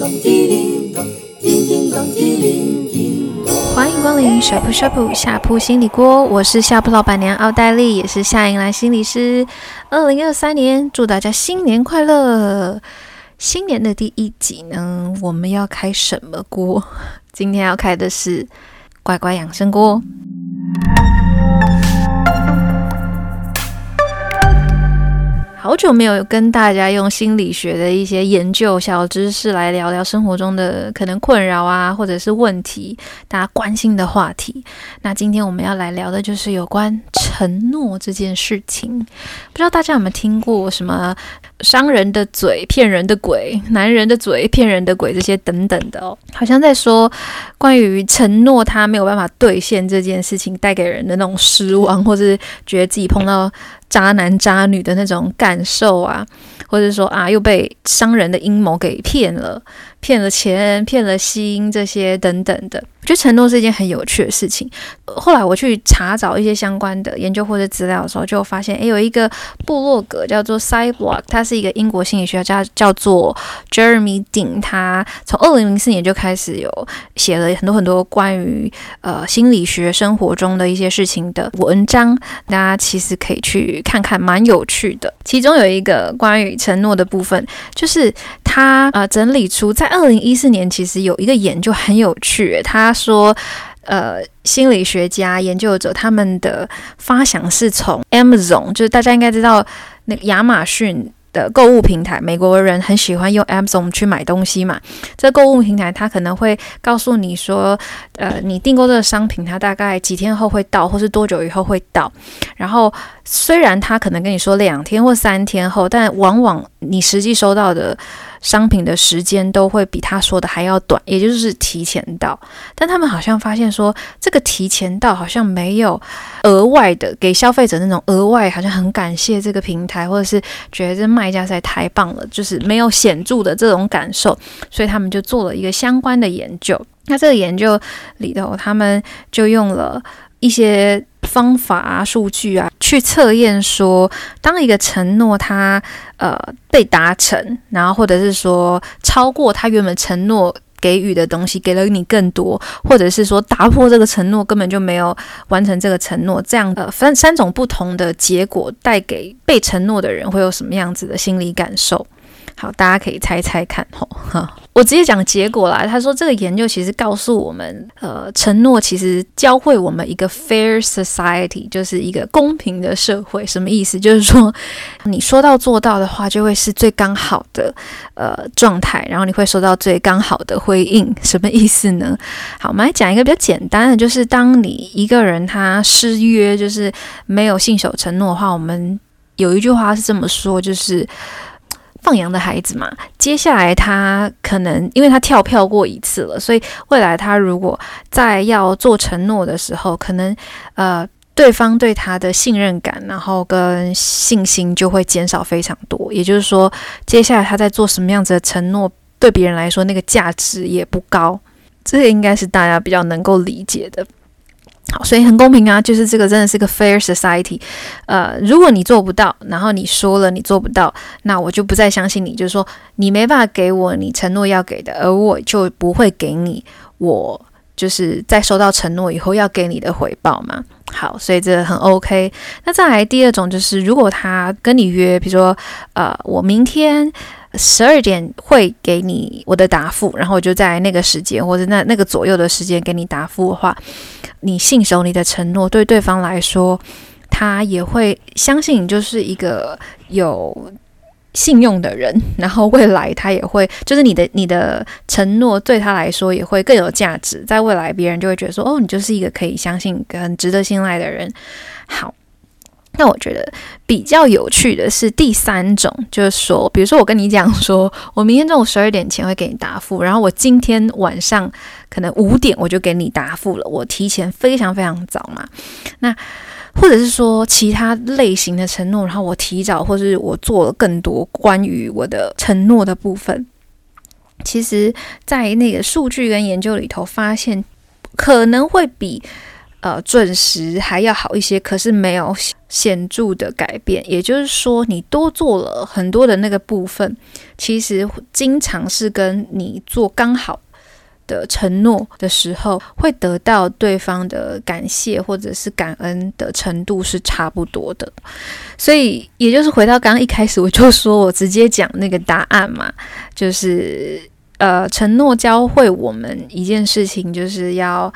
歡迎光臨呷哺呷哺呷哺心理鍋，我是呷哺老闆娘奧黛麗，也是夏迎來心理師。二零二三年，祝大家新年快樂！新年的第一集呢，我們要開什麼鍋？今天要開的是乖乖養生鍋。好久沒有跟大家用心理學的一些研究小知識來聊聊生活中的可能困擾啊，或者是問題，大家關心的話題。那今天我們要來聊的就是有關承諾這件事情。不知道大家有沒有聽過什麼“商人的嘴騙人的鬼，男人的嘴騙人的鬼”這些等等的哦，好像在說關於承諾他沒有辦法兌現這件事情帶給人的那種失望，或是覺得自己碰到渣男渣女的那種感受啊，或者說啊，又被商人的陰謀給騙了，騙了錢，騙了心，這些等等的。就承諾是一件很有趣的事情。後來我去查找一些相關的研究或者資料的時候，就發現，誒、欸、有一個部落格叫做 Cyborg，他是一個英國心理學家，叫，叫做 Jeremy Ding。他從二零零四年就開始有寫了很多很多關於呃心理學生活中的一些事情的文章。大家其實可以去看看，蠻有趣的。其中有一個關於承諾的部分，就是他啊、呃、整理出在二零一四年，其實有一個研究很有趣，欸，他。說，呃，心理學家研究者他們的發想是從 Amazon，就是大家應該知道那個亞馬遜的購物平台，美國人很喜歡用 Amazon 去買東西嘛。這個購物平台他可能會告訴你說，呃，你訂購這個商品，它大概幾天後會到，或是多久以後會到。然後雖然他可能跟你說兩天或三天後，但往往你實際收到的。商品的時間都會比他說的還要短，也就是提前到。但他們好像發現說，這個提前到好像沒有額外的給消費者那種額外，好像很感謝這個平台，或者是覺得這賣家實在太棒了，就是沒有顯著的這種感受。所以他們就做了一個相關的研究。那這個研究裡頭，他們就用了一些。方法啊，數據啊，去測驗說，當一個承諾它呃被達成，然後或者是說超過它原本承諾給予的東西，給了你更多，或者是說打破這個承諾，根本就沒有完成這個承諾，這樣的三、呃、三種不同的結果帶給被承諾的人會有什麼樣子的心理感受？好，大家可以猜猜看，吼，我直接講結果啦。他說，這個研究其實告訴我們，呃，承諾其實教會我們一個 fair society，就是一個公平的社會。什麼意思？就是說，你說到做到的話，就會是最剛好的呃狀態，然後你會收到最剛好的回應。什麼意思呢？好，我們來講一個比較簡單的，就是當你一個人他失約，就是沒有信守承諾的話，我們有一句話是這麼說，就是。放羊的孩子嘛，接下來他可能因為他跳票過一次了，所以未來他如果再要做承諾的時候，可能呃對方對他的信任感，然後跟信心就會減少非常多。也就是說，接下來他在做什麼樣子的承諾，對別人來說那個價值也不高。這應該是大家比較能夠理解的。好，所以很公平啊，就是這個真的是個 fair society，呃，如果你做不到，然後你說了你做不到，那我就不再相信你，就是說你沒辦法給我你承諾要給的，而我就不會給你我就是在收到承諾以後要給你的回報嘛。好，所以這很 OK。那再來第二種就是，如果他跟你約，比如說，呃，我明天。十二點會給你我的答覆然後我就在那個時間或者那那個左右的時間給你答覆的話，你信守你的承諾，對對方來說，他也會相信你就是一個有信用的人，然後未來他也會，就是你的你的承諾對他來說也會更有價值，在未來別人就會覺得說，哦，你就是一個可以相信、很值得信賴的人。好。那我覺得比較有趣的是第三種，就是說，比如說我跟你講說，說我明天中午十二點前會給你答覆，然後我今天晚上可能五點我就給你答覆了，我提前非常非常早嘛。那或者是說其他類型的承諾，然後我提早，或是我做了更多關於我的承諾的部分，其實在那個數據跟研究裡頭發現，可能會比。呃，準時還要好一些，可是沒有顯著的改變。也就是說，你多做了很多的那個部分，其實經常是跟你做剛好的承諾的時候，會得到對方的感謝或者是感恩的程度是差不多的。所以，也就是回到剛剛一開始，我就說我直接講那個答案嘛，就是呃，承諾教會我們一件事情，就是要。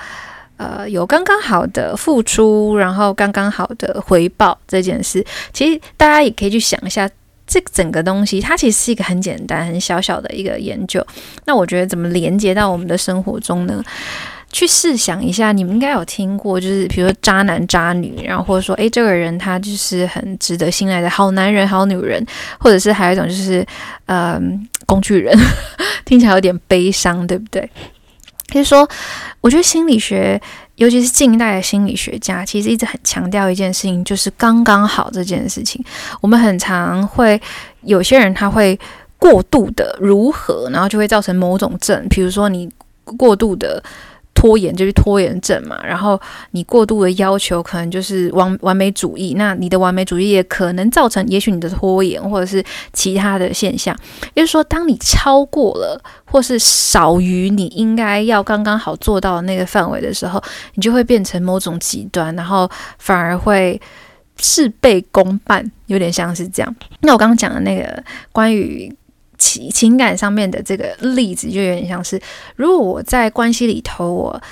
呃，有剛剛好的付出，然後剛剛好的回報這件事，其實大家也可以去想一下，這整個東西它其實是一個很簡單、很小小的一個研究。那我覺得怎麼連接到我們的生活中呢？去試想一下，你們應該有聽過，就是比如說渣男、渣女，然後或者說，誒，這個人他就是很值得信賴的好男人、好女人，或者是還有一種就是，嗯、呃，工具人，聽起來有點悲傷，對不對？其實說，我覺得心理學，尤其是近代的心理學家，其實一直很強調一件事情，就是“剛剛好”這件事情。我們很常會，有些人他會過度的如何，然後就會造成某種症，比如說你過度的。拖延，就是拖延症嘛，然後你過度的要求可能就是完完美主義，那你的完美主義也可能造成，也許你的拖延或者是其他的現象。也就是說，當你超過了或是少於你應該要剛剛好做到的那個範圍的時候，你就會變成某種極端，然後反而會事倍功半，有點像是這樣。那我剛剛講的那個關於。情情感上面的這個例子就有點像是，如果我在關係裡頭我，我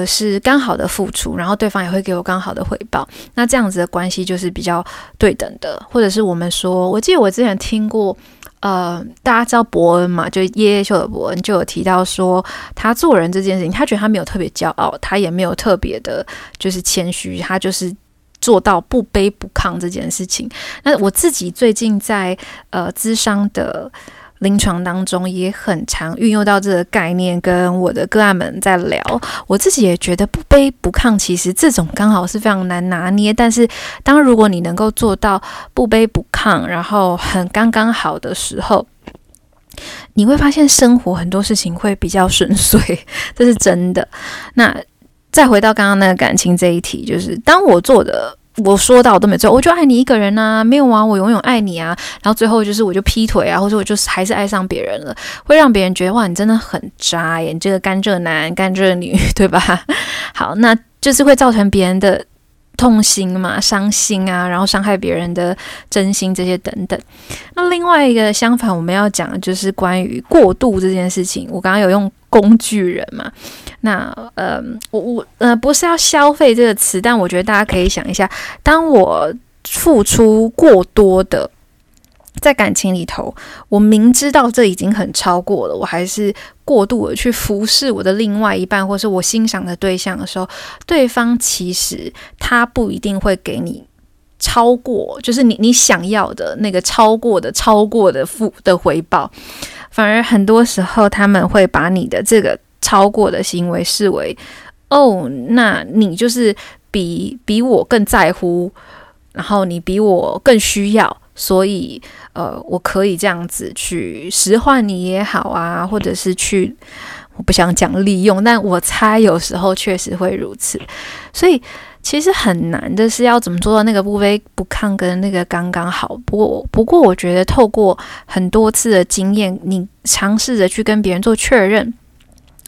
我是剛好的付出，然後對方也會給我剛好的回報，那這樣子的關係就是比較對等的。或者是我們說，我記得我之前聽過，呃，大家知道博恩嘛，就夜夜秀的博恩就有提到說，他做人這件事情，他覺得他沒有特別驕傲，他也沒有特別的，就是謙虛，他就是做到不卑不亢這件事情。那我自己最近在呃，諮商的。臨床當中也很常運用到這個概念，跟我的個案們在聊。我自己也覺得不卑不亢，其實這種剛好是非常難拿捏。但是，當如果你能夠做到不卑不亢，然後很剛剛好的時候，你會發現生活很多事情會比較順遂，這是真的。那再回到剛剛那個感情這一題，就是當我做的。我說到我都沒做，我就愛你一個人啊，沒有啊，我永遠愛你啊。然後最後就是我就劈腿啊，或者我就是還是愛上別人了，會讓別人覺得哇，你真的很渣耶。你這個甘蔗男、甘蔗女，對吧？好，那就是會造成別人的。痛心嘛，傷心啊，然後傷害別人的真心這些等等。那另外一個相反，我們要講的就是關於過度這件事情。我剛剛有用工具人嘛，那呃，我我呃不是要消費這個詞，但我覺得大家可以想一下，當我付出過多的。在感情裡頭，我明知道這已經很超過了，我還是過度的去服侍我的另外一半，或是我欣賞的對象的時候，對方其實他不一定會給你超過，就是你你想要的那個超過的超過的付的回報，反而很多時候他們會把你的這個超過的行為視為，哦，那你就是比比我更在乎，然後你比我更需要。所以，呃，我可以這樣子去使喚你也好啊，或者是去，我不想講利用，但我猜有時候確實會如此。所以，其實很難的是要怎麼做到那個不卑不亢跟那個剛剛好。不過，不過，我覺得透過很多次的經驗，你嘗試着去跟別人做確認。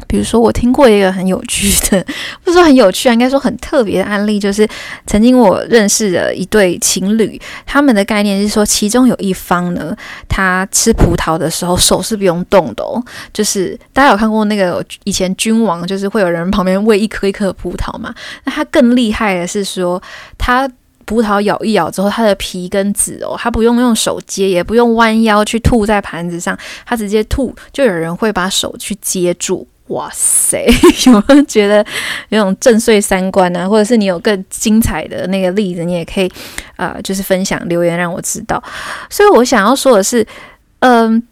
比如說，我聽過一個很有趣的，不是說很有趣啊，應該說很特別的案例，就是曾經我認識的一對情侶，他們的概念是說，其中有一方呢，他吃葡萄的時候手是不用動的哦，就是大家有看過那個以前君王，就是會有人旁邊餵一顆一顆葡萄嘛，那他更厲害的是說，他葡萄咬一咬之後，他的皮跟籽哦，他不用用手接，也不用彎腰去吐在盤子上，他直接吐，就有人會把手去接住。哇塞，有沒有覺得有種震碎三觀呢？啊？或者是你有更精彩的那個例子，你也可以，啊、呃，就是分享留言讓我知道。所以我想要說的是，嗯、呃，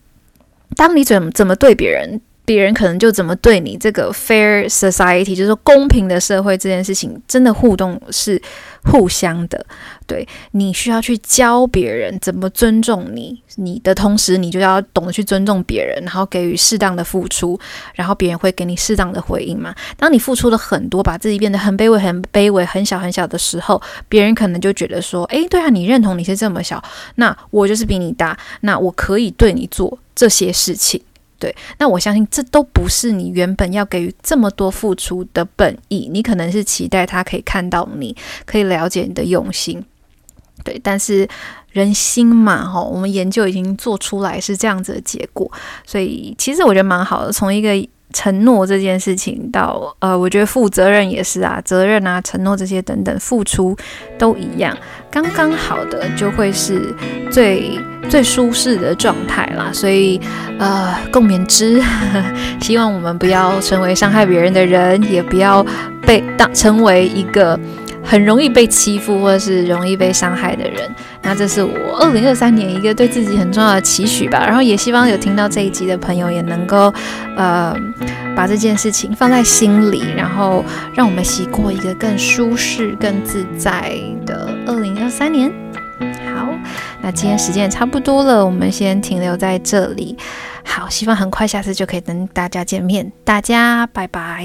當你怎麼怎麼對別人。別人可能就怎麼對你這個 fair society，就是說公平的社會這件事情，真的互動是互相的。對，你需要去教別人怎麼尊重你，你的同時，你就要懂得去尊重別人，然後給予適當的付出，然後別人會給你適當的回應嘛。當你付出了很多，把自己變得很卑微、很卑微、很小、很小的時候，別人可能就覺得說：“誒，對啊，你認同你是這麼小，那我就是比你大，那我可以對你做這些事情。”對，那我相信這都不是你原本要給予這麼多付出的本意，你可能是期待他可以看到你，可以了解你的用心，對，但是人心嘛，哈，我們研究已經做出來是這樣子的結果，所以其實我覺得蠻好的，從一個。承諾這件事情到，到呃，我覺得負責任也是啊，責任啊，承諾這些等等，付出都一樣，剛剛好的就會是最最舒適的狀態啦。所以呃，共勉之呵呵，希望我們不要成為傷害別人的人，也不要被當成為一個。很容易被欺負或者是容易被傷害的人，那這是我二零二三年一個對自己很重要的期許吧。然後也希望有聽到這一集的朋友也能夠，呃，把這件事情放在心裡，然後讓我們一起過一個更舒適、更自在的二零二三年。那今天時間也差不多了，我們先停留在這裡。好，希望很快下次就可以跟大家見面。大家拜拜。